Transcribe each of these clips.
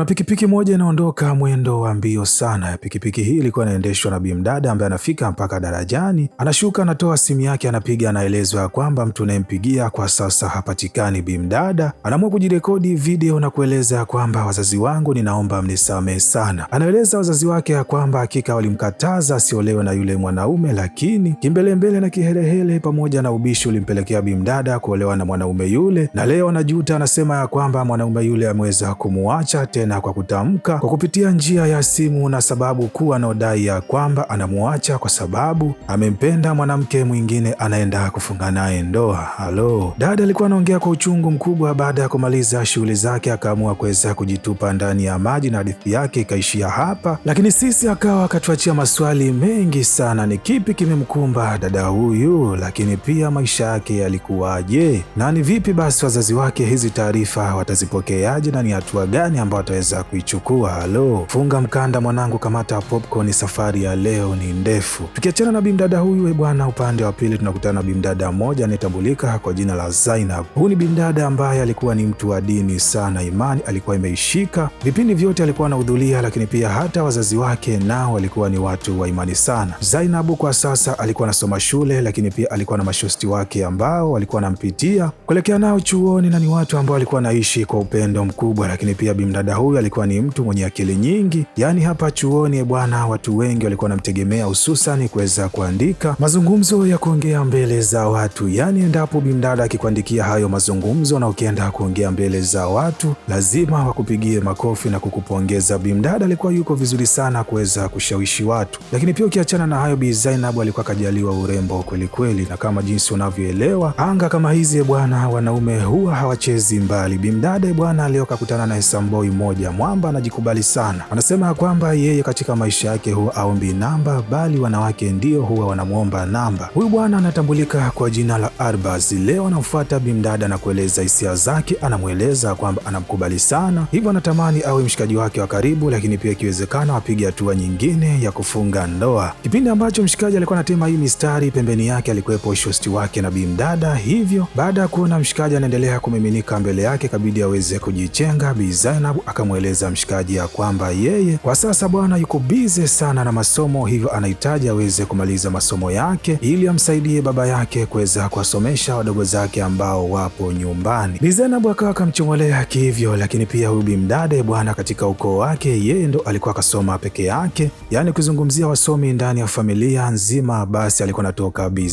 Kuna pikipiki moja inaondoka mwendo wa mbio sana. Pikipiki hii ilikuwa inaendeshwa na bimdada ambaye anafika mpaka darajani, anashuka, anatoa simu yake, anapiga, anaelezwa kwamba mtu anayempigia kwa sasa hapatikani. Bimdada anaamua kujirekodi video na kueleza kwamba wazazi wangu, ninaomba mnisamehe sana. Anaeleza wazazi wake ya kwamba hakika walimkataza asiolewe na yule mwanaume, lakini kimbelembele na kihelehele pamoja na ubishi ulimpelekea bimdada kuolewa na mwanaume yule, na leo anajuta, anasema ya kwamba mwanaume yule ameweza kumuacha tena tena kwa kutamka kwa kupitia njia ya simu, na sababu kuwa anaodai ya kwamba anamuacha kwa sababu amempenda mwanamke mwingine anaenda kufunga naye ndoa. Halo, dada alikuwa anaongea kwa uchungu mkubwa. Baada ya kumaliza shughuli zake, akaamua kuweza kujitupa ndani ya maji na hadithi yake ikaishia hapa, lakini sisi akawa akatuachia maswali mengi sana. Ni kipi kimemkumba dada huyu? Lakini pia maisha yake yalikuwaje, na ni vipi basi wazazi wake hizi taarifa watazipokeaje, na ni hatua gani ambayo unaweza kuichukua. Halo, funga mkanda mwanangu, kamata popcorn, safari ya leo ni ndefu. Tukiachana na bimdada huyu, e bwana, upande wa pili tunakutana na bimdada mmoja anayetambulika kwa jina la Zainab. Huyu ni bimdada ambaye alikuwa ni mtu wa dini sana, imani alikuwa imeishika, vipindi vyote alikuwa anahudhuria, lakini pia hata wazazi wake nao walikuwa ni watu wa imani sana. Zainab kwa sasa alikuwa anasoma shule, lakini pia alikuwa na mashosti wake ambao walikuwa anampitia kuelekea nao chuoni, na ni watu ambao alikuwa anaishi kwa upendo mkubwa, lakini pia bimdada huyu alikuwa ni mtu mwenye akili nyingi. Yaani hapa chuoni bwana, watu wengi walikuwa wanamtegemea hususani kuweza kuandika mazungumzo ya kuongea mbele za watu. Yaani endapo bimdada akikuandikia hayo mazungumzo na ukienda kuongea mbele za watu, lazima wakupigie makofi na kukupongeza. Bimdada alikuwa yuko vizuri sana kuweza kushawishi watu, lakini pia ukiachana na hayo, Bi Zainab alikuwa akajaliwa urembo kwelikweli, na kama jinsi unavyoelewa anga kama hizi bwana, wanaume huwa hawachezi mbali. Bimdada bwana leo kakutana na Samboi moja moja. Mwamba anajikubali sana, anasema ya kwamba yeye katika maisha yake huwa aombi namba, bali wanawake ndio huwa wanamwomba namba. Huyu bwana anatambulika kwa jina la Arbas. Leo anamfuata Bimdada na kueleza hisia zake, anamweleza kwamba anamkubali sana, hivyo anatamani awe mshikaji wake wa karibu, lakini pia ikiwezekana wapige hatua nyingine ya kufunga ndoa. Kipindi ambacho mshikaji alikuwa anatema hii mistari, pembeni yake alikuwepo shosti wake na Bimdada, hivyo baada ya kuona mshikaji anaendelea kumiminika mbele yake, kabidi aweze kujichenga. Bi Zainab akamweleza mshikaji ya kwamba yeye kwa sasa bwana yuko bize sana na masomo, hivyo anahitaji aweze kumaliza masomo yake ili amsaidie baba yake kuweza kuwasomesha wadogo zake ambao wapo nyumbani. Bi Zainab akawa akamchomolea kihivyo, lakini pia huyu bimdade eh, bwana, katika ukoo wake yeye ndo alikuwa akasoma peke yake, yaani ukizungumzia wasomi ndani ya familia nzima, basi alikuwa anatoka Bi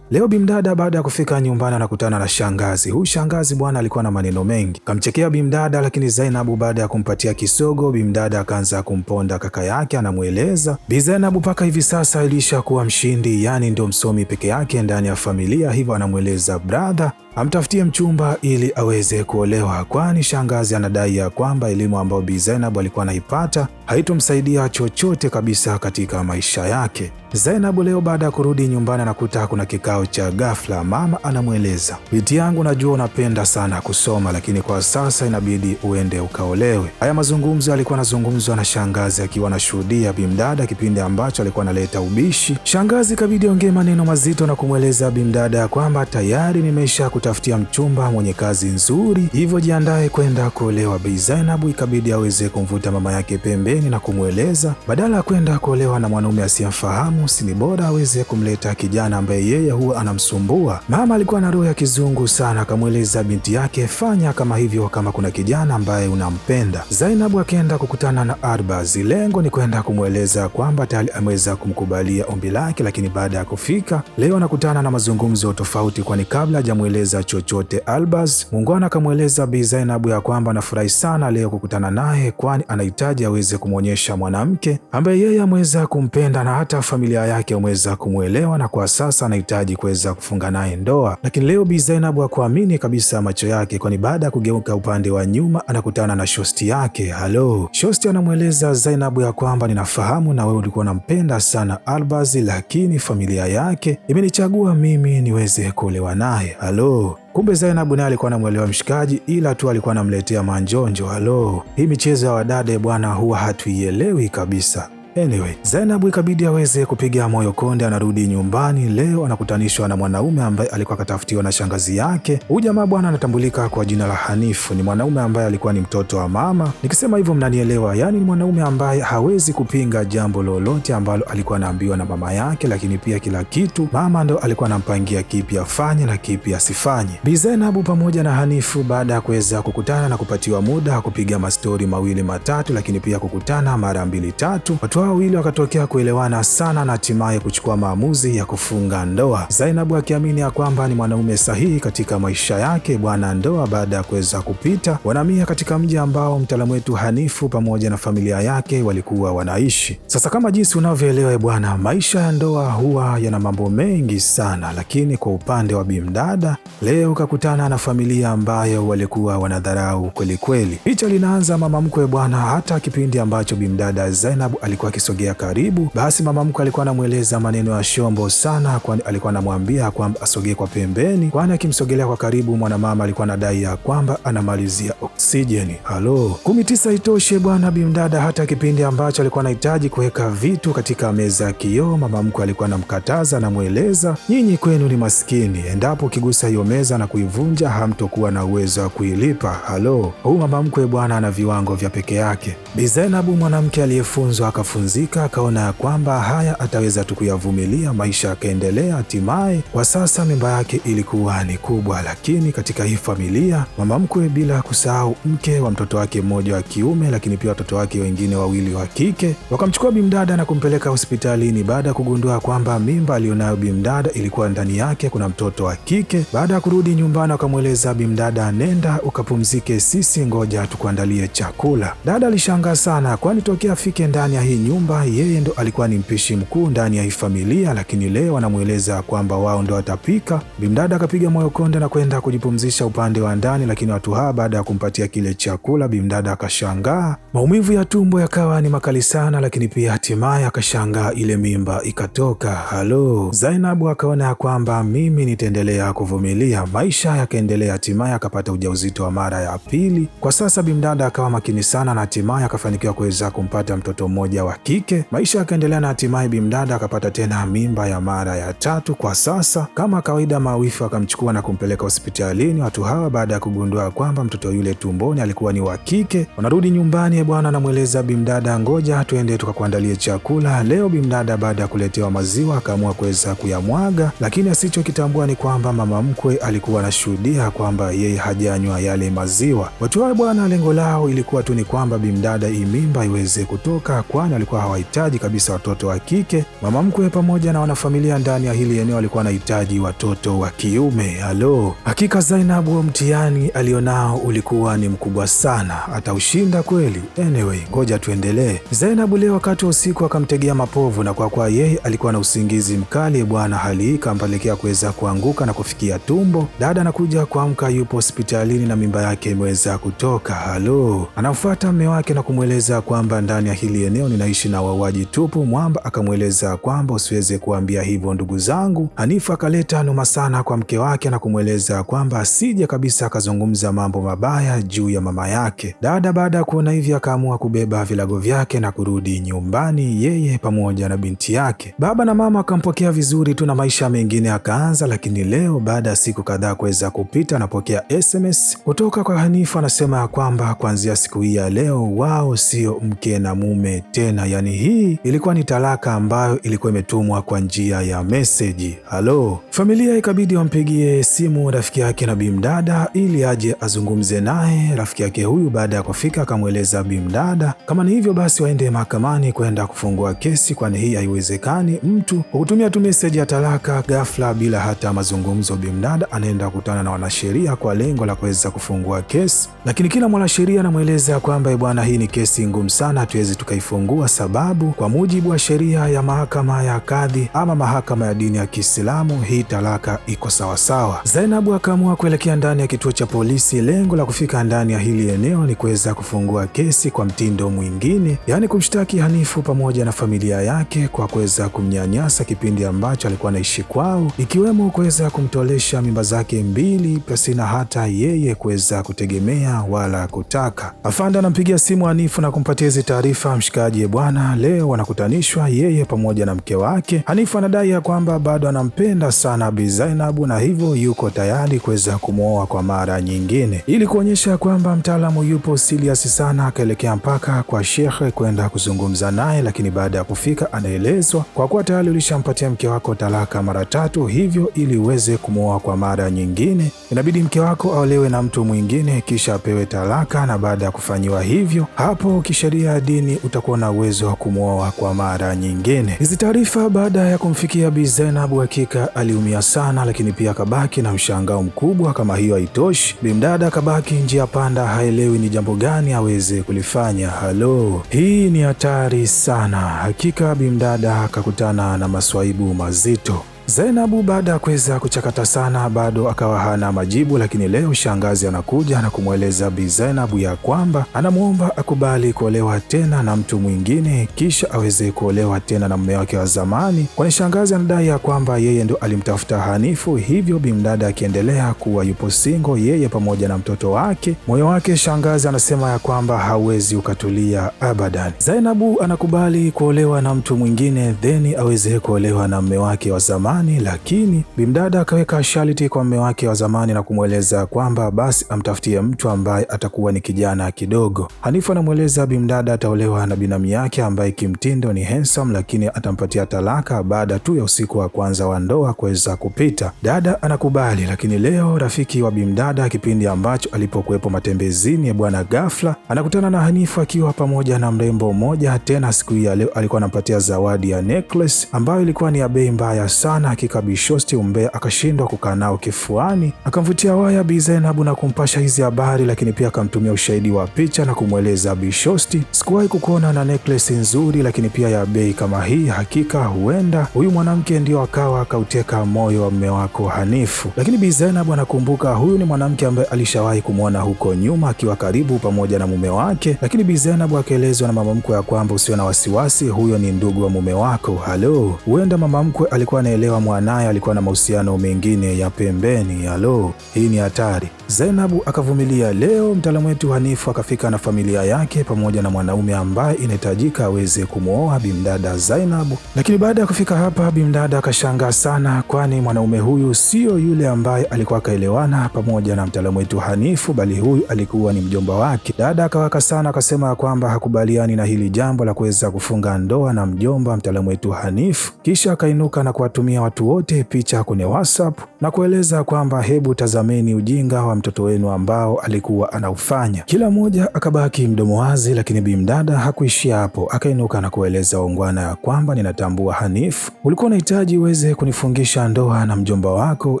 Leo bimdada baada ya kufika nyumbani anakutana na shangazi. Huyu shangazi bwana alikuwa na maneno mengi, kamchekea bimdada, lakini Zainabu baada baada ya kumpatia kisogo, bimdada akaanza kumponda kaka yake, anamweleza Bi Zainab mpaka hivi sasa ilishakuwa mshindi, yaani ndio msomi peke yake ndani ya familia. Hivyo anamweleza bradha amtafutie mchumba ili aweze kuolewa, kwani shangazi anadai ya kwamba elimu ambayo Bi Zainab alikuwa anaipata haitomsaidia chochote kabisa katika maisha yake. Zainab leo baada ya kurudi nyumbani anakuta kuna kikao cha ghafla. Mama anamweleza, binti yangu, najua unapenda sana kusoma, lakini kwa sasa inabidi uende ukaolewe. Haya mazungumzo alikuwa anazungumzwa na shangazi akiwa anashuhudia bimdada kipindi ambacho alikuwa analeta ubishi. Shangazi kabidi ongee maneno mazito na kumweleza bimdada kwamba tayari nimesha kuta kumtafutia mchumba mwenye kazi nzuri, hivyo jiandaye kwenda kuolewa. Bi Zainabu ikabidi aweze kumvuta mama yake pembeni na kumweleza badala ya kwenda kuolewa na mwanaume asiyemfahamu, si ni bora aweze kumleta kijana ambaye yeye huwa anamsumbua. Mama alikuwa na roho ya kizungu sana, akamweleza binti yake, fanya kama hivyo kama kuna kijana ambaye unampenda. Zainabu akaenda kukutana na Arbaz, lengo ni kwenda kumweleza kwamba tayari ameweza kumkubalia ombi lake, lakini baada ya kufika leo anakutana na mazungumzo tofauti, kwani kabla hajamweleza kueleza chochote. Albas mungwana akamweleza Bi Zainabu ya kwamba anafurahi sana leo kukutana naye, kwani anahitaji aweze kumwonyesha mwanamke ambaye yeye ameweza kumpenda na hata familia yake ameweza kumwelewa, na kwa sasa anahitaji kuweza kufunga naye ndoa. Lakini leo Bi Zainabu hakuamini kabisa macho yake, kwani baada ya kugeuka upande wa nyuma anakutana na shosti yake. Halo, shosti anamweleza Zainabu ya kwamba ninafahamu na wewe ulikuwa unampenda sana Albas, lakini familia yake imenichagua mimi niweze kuolewa naye. Halo Kumbe Zainabu naye alikuwa anamwelewa mshikaji, ila tu alikuwa anamletea manjonjo. Halo, hii michezo ya wadada bwana huwa hatuielewi kabisa. Anyway, Zainabu ikabidi aweze kupiga moyo konde, anarudi nyumbani leo, anakutanishwa na mwanaume ambaye alikuwa akatafutiwa na shangazi yake. Huyu jamaa bwana anatambulika kwa jina la Hanifu, ni mwanaume ambaye alikuwa ni mtoto wa mama. Nikisema hivyo mnanielewa, yaani ni mwanaume ambaye hawezi kupinga jambo lolote ambalo alikuwa anaambiwa na mama yake, lakini pia kila kitu mama ndo alikuwa anampangia kipi afanye na kipi asifanye. Bi Zainabu pamoja na Hanifu baada ya kuweza kukutana na kupatiwa muda kupiga mastori mawili matatu, lakini pia kukutana mara mbili tatu watu Watu hao wawili wakatokea kuelewana sana na hatimaye kuchukua maamuzi ya kufunga ndoa, Zainabu akiamini ya kwamba ni mwanaume sahihi katika maisha yake bwana ndoa. Baada ya kuweza kupita, wanamia katika mji ambao mtaalamu wetu Hanifu pamoja na familia yake walikuwa wanaishi. Sasa kama jinsi unavyoelewa bwana, maisha ya ndoa huwa yana mambo mengi sana, lakini kwa upande wa bimdada leo kakutana na familia ambayo walikuwa wanadharau kwelikweli. Picha linaanza mama mkwe bwana, hata kipindi ambacho bimdada Zainabu alikuwa Wakisogea karibu, basi mama mkwe alikuwa anamweleza maneno ya shombo sana, kwani alikuwa anamwambia kwamba asogee kwa pembeni, kwani akimsogelea kwa karibu mwanamama alikuwa anadai ya kwamba anamalizia oksijeni. Halo kumi tisa itoshe bwana bimdada. Hata kipindi ambacho alikuwa anahitaji kuweka vitu katika meza ya kioo, mama mkwe alikuwa anamkataza, anamweleza nyinyi kwenu ni maskini, endapo ukigusa hiyo meza na kuivunja hamtokuwa na uwezo wa kuilipa. Halo, huu mama mkwe bwana ana viwango vya peke yake. Bizenabu mwanamke aliyefunzwa akafunzwa alifunzika, akaona ya kwamba haya ataweza tu kuyavumilia, maisha yakaendelea. Hatimaye kwa sasa mimba yake ilikuwa ni kubwa, lakini katika hii familia, mama mkwe, bila kusahau mke wa mtoto wake mmoja wa kiume, lakini pia watoto wake wengine wawili wa kike, wakamchukua bimdada na kumpeleka hospitalini baada ya kugundua kwamba mimba aliyonayo bimdada ilikuwa ndani yake kuna mtoto wa kike. Baada ya kurudi nyumbani, wakamweleza bimdada, nenda ukapumzike, sisi ngoja tukuandalie chakula. Dada alishangaa sana, kwani tokea afike ndani ya hii nyumba, yeye ndo alikuwa ni mpishi mkuu ndani ya hii familia, lakini leo anamweleza kwamba wao ndo watapika. Bimdada akapiga moyo konde na kwenda kujipumzisha upande wa ndani, lakini watu hawa baada ya kumpatia kile chakula, bimdada akashangaa. Maumivu ya tumbo yakawa ni makali sana, lakini pia hatimaye akashangaa ile mimba ikatoka. Halo, Zainabu akaona ya kwamba mimi nitaendelea kuvumilia. Maisha yakaendelea, hatimaye akapata ujauzito wa mara ya pili. Kwa sasa bimdada akawa makini sana na hatimaye akafanikiwa kuweza kumpata mtoto mmoja wa kike. Maisha yakaendelea na hatimaye Bimdada akapata tena mimba ya mara ya tatu. Kwa sasa kama kawaida, mawifu akamchukua na kumpeleka hospitalini. Watu hawa baada ya kugundua kwamba mtoto yule tumboni alikuwa ni wa kike, wanarudi nyumbani. Bwana anamweleza Bimdada, ngoja tuende tukakuandalie chakula leo. Bimdada baada ya kuletewa maziwa akaamua kuweza kuyamwaga, lakini asichokitambua ni kwamba mama mkwe alikuwa anashuhudia kwamba yeye hajanywa yale maziwa. Watu hawa bwana, lengo lao ilikuwa tu ni kwamba Bimdada imimba iweze kutoka, kwani walikuwa hawahitaji kabisa watoto wa kike. Mama mkwe pamoja na wanafamilia ndani ya hili eneo walikuwa wanahitaji watoto wa kiume. Halo, hakika Zainabu mtihani alionao ulikuwa ni mkubwa sana, ataushinda kweli? Anyway, ngoja tuendelee. Zainabu leo wakati wa usiku akamtegea mapovu, na kwa kuwa yeye alikuwa na usingizi mkali bwana, hali hii ikampelekea kuweza kuanguka na kufikia tumbo. Dada anakuja kuamka, yupo hospitalini na mimba yake imeweza kutoka. Halo, anamfuata mme wake na kumweleza kwamba ndani ya hili eneo ninaishi kuishi na wauaji tupu. Mwamba akamweleza kwamba usiweze kuambia hivyo ndugu zangu. Hanifu akaleta noma sana kwa mke wake na kumweleza kwamba asije kabisa akazungumza mambo mabaya juu ya mama yake. Dada baada ya kuona hivi akaamua kubeba vilago vyake na kurudi nyumbani, yeye pamoja na binti yake. Baba na mama akampokea vizuri tu na maisha mengine akaanza. Lakini leo baada ya siku kadhaa kuweza kupita, anapokea SMS kutoka kwa Hanifu, anasema ya kwamba kuanzia siku hii ya leo wao sio mke na mume tena. Yaani hii ilikuwa ni talaka ambayo ilikuwa imetumwa kwa njia ya meseji. Halo, familia ikabidi wampigie simu rafiki yake na bimdada ili aje azungumze naye. Rafiki yake huyu baada ya kufika akamweleza bimdada kama ni hivyo basi waende mahakamani kwenda kufungua kesi, kwani hii haiwezekani mtu kwa kutumia tu meseji ya talaka ghafla bila hata mazungumzo. Bimdada anaenda kukutana na wanasheria kwa lengo la kuweza kufungua kesi, lakini kila mwanasheria anamweleza kwamba eh, bwana, hii ni kesi ngumu sana, hatuwezi tukaifungua sababu kwa mujibu wa sheria ya mahakama ya kadhi ama mahakama ya dini ya Kiislamu, hii talaka iko sawasawa. Zainabu akaamua kuelekea ndani ya kituo cha polisi. Lengo la kufika ndani ya hili eneo ni kuweza kufungua kesi kwa mtindo mwingine, yaani kumshtaki Hanifu pamoja na familia yake kwa kuweza kumnyanyasa kipindi ambacho alikuwa anaishi kwao, ikiwemo kuweza kumtolesha mimba zake mbili pasina hata yeye kuweza kutegemea wala kutaka. Afanda anampigia simu Hanifu na kumpatia hizi taarifa mshikaji bwana leo wanakutanishwa yeye pamoja na mke wake. Hanifu anadai ya kwamba bado anampenda sana Bi Zainabu na hivyo yuko tayari kuweza kumwoa kwa mara nyingine. Ili kuonyesha kwamba mtaalamu yupo siliasi sana, akaelekea mpaka kwa shekhe kwenda kuzungumza naye, lakini baada ya kufika anaelezwa kwa kuwa tayari ulishampatia mke wako talaka mara tatu, hivyo ili uweze kumwoa kwa mara nyingine inabidi mke wako aolewe na mtu mwingine kisha apewe talaka, na baada ya kufanyiwa hivyo, hapo kisheria ya dini utakuwa na uwezo uwezo wa kumwoa kwa mara nyingine. Hizi taarifa baada ya kumfikia Bi Zainab, hakika aliumia sana, lakini pia akabaki na mshangao mkubwa. Kama hiyo haitoshi, bimdada akabaki njia panda, haelewi ni jambo gani aweze kulifanya. Halo, hii ni hatari sana. Hakika bimdada akakutana na maswaibu mazito. Zainabu baada ya kuweza kuchakata sana bado akawa hana majibu, lakini leo shangazi anakuja na kumweleza Bi Zainabu ya kwamba anamwomba akubali kuolewa tena na mtu mwingine kisha aweze kuolewa tena na mume wake wa zamani, kwani shangazi anadai ya kwamba yeye ndo alimtafuta Hanifu, hivyo bimdada akiendelea kuwa yupo singo yeye pamoja na mtoto wake. Moyo wake shangazi anasema ya kwamba hawezi ukatulia abadan. Zainabu anakubali kuolewa na mtu mwingine theni aweze kuolewa na mume wake wa zamani fulani, lakini bimdada akaweka shaliti kwa mume wake wa zamani na kumweleza kwamba basi amtafutie mtu ambaye atakuwa ni kijana kidogo. Hanifu anamweleza bimdada ataolewa na binamu yake ambaye kimtindo ni handsome, lakini atampatia talaka baada tu ya usiku wa kwanza wa ndoa kuweza kupita. Dada anakubali, lakini leo rafiki wa bimdada kipindi ambacho alipokuwepo matembezini ya bwana, ghafla anakutana na Hanifu akiwa pamoja na mrembo mmoja. Tena siku hii ya leo alikuwa anampatia zawadi ya necklace ambayo ilikuwa ni ya bei mbaya sana hakika Bishosti umbea akashindwa kukaa nao kifuani. Akamvutia waya Bi Zainabu na kumpasha hizi habari, lakini pia akamtumia ushahidi wa picha na kumweleza Bishosti, sikuwahi kukuona na necklace nzuri, lakini pia ya bei kama hii. Hakika huenda huyu mwanamke ndio akawa akauteka moyo wa mume wako Hanifu. Lakini Bi Zainabu anakumbuka huyu ni mwanamke ambaye alishawahi kumwona huko nyuma akiwa karibu pamoja na mume wake, lakini Bi Zainabu akaelezwa na mama mkwe ya kwamba usio na wasiwasi, huyo ni ndugu wa mume wako. Halo, huenda mama mkwe alikuwa anaelewa aliyeolewa mwanaye alikuwa na mahusiano mengine ya pembeni. Halo, hii ni hatari. Zainabu akavumilia. Leo mtaalamu wetu Hanifu akafika na familia yake pamoja na mwanaume ambaye inahitajika aweze kumwoa bimdada Zainabu, lakini baada ya kufika hapa bimdada akashangaa sana, kwani mwanaume huyu siyo yule ambaye alikuwa akaelewana pamoja na mtaalamu wetu Hanifu, bali huyu alikuwa ni mjomba wake. Dada akawaka sana, akasema kwamba hakubaliani na hili jambo la kuweza kufunga ndoa na mjomba mtaalamu wetu Hanifu, kisha akainuka na kuwatumia kuwatumia watu wote picha kwenye WhatsApp na kueleza kwamba hebu tazameni ujinga wa mtoto wenu ambao alikuwa anaufanya. Kila mmoja akabaki mdomo wazi, lakini bimdada hakuishia hapo, akainuka na kueleza waungwana ya kwamba ninatambua Hanifu, ulikuwa unahitaji uweze kunifungisha ndoa na mjomba wako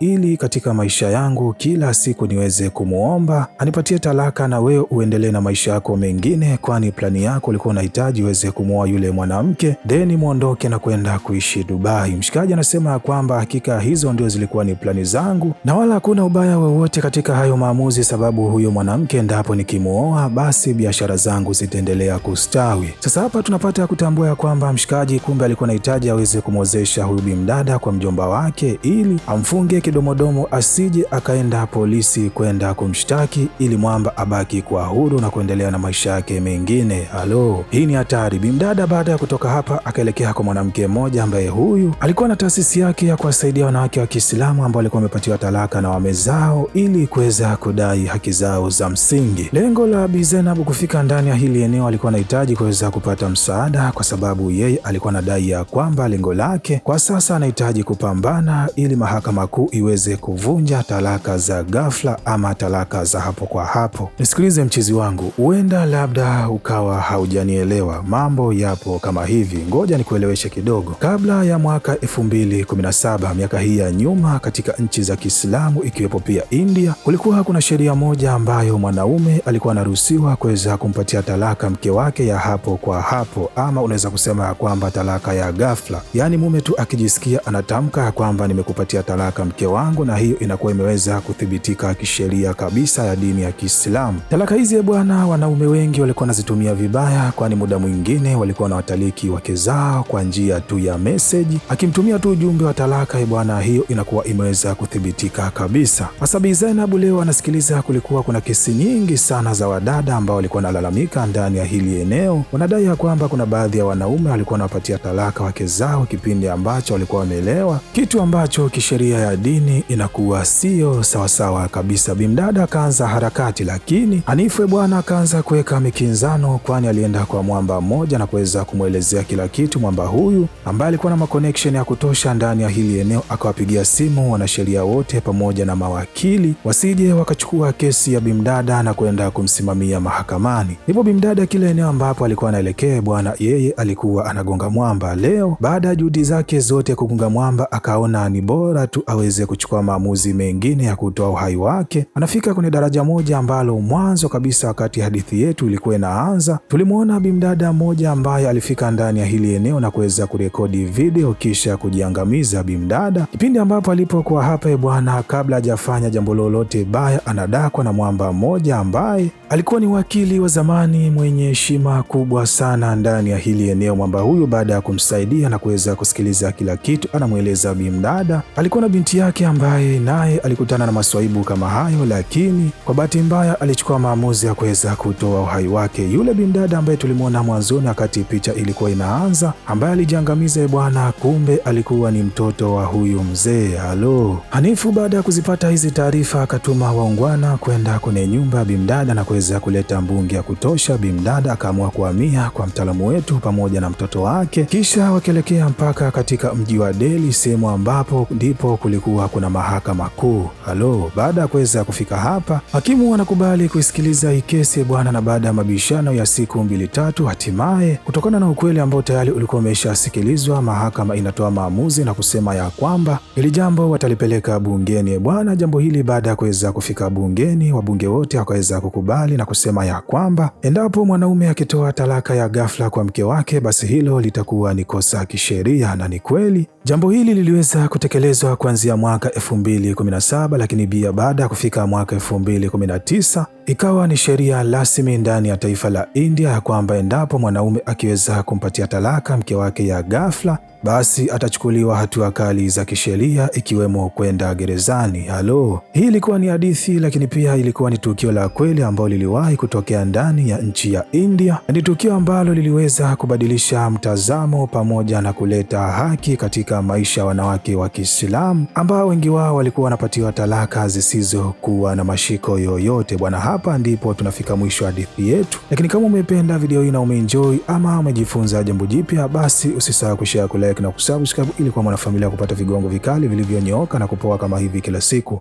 ili katika maisha yangu kila siku niweze kumuomba anipatie talaka na wewe uendelee na maisha yako mengine, kwani plani yako ulikuwa unahitaji uweze kumwoa yule mwanamke, then muondoke na kwenda kuishi Dubai. Mshikaji anasema kusema ya kwamba hakika hizo ndio zilikuwa ni plani zangu na wala hakuna ubaya wowote katika hayo maamuzi, sababu huyo mwanamke endapo nikimuoa, basi biashara zangu zitaendelea kustawi. Sasa hapa tunapata kutambua ya kwamba mshikaji kumbe alikuwa anahitaji aweze kumwozesha huyu bimdada kwa mjomba wake ili amfunge kidomodomo asije akaenda polisi kwenda kumshtaki ili mwamba abaki kwa huru na kuendelea na maisha yake mengine. Halo, hii ni hatari. Bimdada baada ya kutoka hapa akaelekea kwa mwanamke mmoja ambaye huyu alikuwa na taasisi nafasi yake ya kuwasaidia wanawake wa Kiislamu ambao walikuwa wamepatiwa talaka na wame zao ili kuweza kudai haki zao za msingi. Lengo la Bi Zainab kufika ndani ya hili eneo, alikuwa anahitaji kuweza kupata msaada, kwa sababu yeye alikuwa anadai ya kwamba lengo lake kwa sasa anahitaji kupambana ili mahakama kuu iweze kuvunja talaka za ghafla ama talaka za hapo kwa hapo. Nisikilize mchizi wangu, huenda labda ukawa haujanielewa. Mambo yapo kama hivi, ngoja nikueleweshe kidogo. Kabla ya mwaka elfu mbili 2017 miaka hii ya nyuma, katika nchi za Kiislamu ikiwepo pia India, kulikuwa kuna sheria moja ambayo mwanaume alikuwa anaruhusiwa kuweza kumpatia talaka mke wake ya hapo kwa hapo, ama unaweza kusema ya kwamba talaka ya ghafla, yaani mume tu akijisikia anatamka kwamba nimekupatia talaka mke wangu, na hiyo inakuwa imeweza kuthibitika kisheria kabisa ya dini ya Kiislamu. Talaka hizi e bwana, wanaume wengi walikuwa wanazitumia vibaya, kwani muda mwingine walikuwa na wataliki wake zao kwa njia tu ya meseji, akimtumia tu ujumbe ujumbe wa talaka. E bwana, hiyo inakuwa imeweza kuthibitika kabisa. Asabi Bi Zainabu leo anasikiliza, kulikuwa kuna kesi nyingi sana za wadada ambao walikuwa wanalalamika ndani ya hili eneo, wanadai ya kwamba kuna baadhi ya wanaume walikuwa wanawapatia talaka wake zao kipindi ambacho walikuwa wameelewa kitu ambacho kisheria ya dini inakuwa siyo sawasawa kabisa. Bimdada akaanza harakati, lakini Hanifu eh, bwana akaanza kuweka mikinzano, kwani alienda kwa mwamba mmoja na kuweza kumwelezea kila kitu mwamba huyu ambaye alikuwa na makonekshen ya kutosha ndani ya hili eneo, akawapigia simu wanasheria wote pamoja na mawakili wasije wakachukua kesi ya bimdada na kwenda kumsimamia mahakamani. Hivyo bimdada kila eneo ambapo alikuwa anaelekea bwana, yeye alikuwa anagonga mwamba. Leo baada ya juhudi zake zote kugonga mwamba, akaona ni bora tu aweze kuchukua maamuzi mengine ya kutoa uhai wake. Anafika kwenye daraja moja ambalo mwanzo kabisa, wakati hadithi yetu ilikuwa inaanza, tulimwona bimdada mmoja ambaye alifika ndani ya hili eneo na kuweza kurekodi video kisha kujiangamia kumwangamiza Bimdada kipindi ambapo alipokuwa hapa. E bwana, kabla hajafanya jambo lolote baya, anadakwa na mwamba mmoja ambaye alikuwa ni wakili wa zamani mwenye heshima kubwa sana ndani ya hili eneo. Mwamba huyu baada ya kumsaidia na kuweza kusikiliza kila kitu, anamweleza Bimdada alikuwa na binti yake ambaye naye alikutana na maswaibu kama hayo, lakini kwa bahati mbaya alichukua maamuzi ya kuweza kutoa uhai wake. Yule Bimdada ambaye tulimwona mwanzoni wakati picha ilikuwa inaanza, ambaye alijiangamiza, e bwana, kumbe alikuwa ni mtoto wa huyu mzee. Halo Hanifu, baada ya kuzipata hizi taarifa, akatuma waungwana kwenda kwenye nyumba ya Bimdada na kuweza kuleta mbungi ya kutosha. Bimdada akaamua kuhamia kwa mtaalamu wetu pamoja na mtoto wake, kisha wakielekea mpaka katika mji wa Delhi, sehemu ambapo ndipo kulikuwa kuna mahakama kuu. Halo, baada ya kuweza kufika hapa, hakimu anakubali kuisikiliza hii kesi bwana, na baada ya mabishano ya siku mbili tatu, hatimaye kutokana na ukweli ambao tayari ulikuwa umeshasikilizwa, mahakama inatoa maamuzi na kusema ya kwamba hili jambo watalipeleka bungeni bwana. Jambo hili baada ya kuweza kufika bungeni, wabunge wote wakaweza kukubali na kusema ya kwamba endapo mwanaume akitoa talaka ya ghafla kwa mke wake, basi hilo litakuwa ni kosa kisheria, na ni kweli Jambo hili liliweza kutekelezwa kuanzia mwaka 2017 lakini pia baada ya kufika mwaka 2019 ikawa ni sheria rasmi ndani ya taifa la India ya kwamba endapo mwanaume akiweza kumpatia talaka mke wake ya ghafla, basi atachukuliwa hatua kali za kisheria ikiwemo kwenda gerezani. Halo, hii ilikuwa ni hadithi, lakini pia ilikuwa ni tukio la kweli ambalo liliwahi kutokea ndani ya nchi ya India. Ni tukio ambalo liliweza kubadilisha mtazamo pamoja na kuleta haki katika katika maisha ya wanawake wa Kiislamu ambao wengi wao walikuwa wanapatiwa talaka zisizokuwa na mashiko yoyote. Bwana, hapa ndipo tunafika mwisho hadithi yetu, lakini kama umependa video hii na umeenjoy ama umejifunza jambo jipya, basi usisahau kushare, kulike na kusubscribe ili kwa mwanafamilia kupata vigongo vikali vilivyonyooka na kupoa kama hivi kila siku.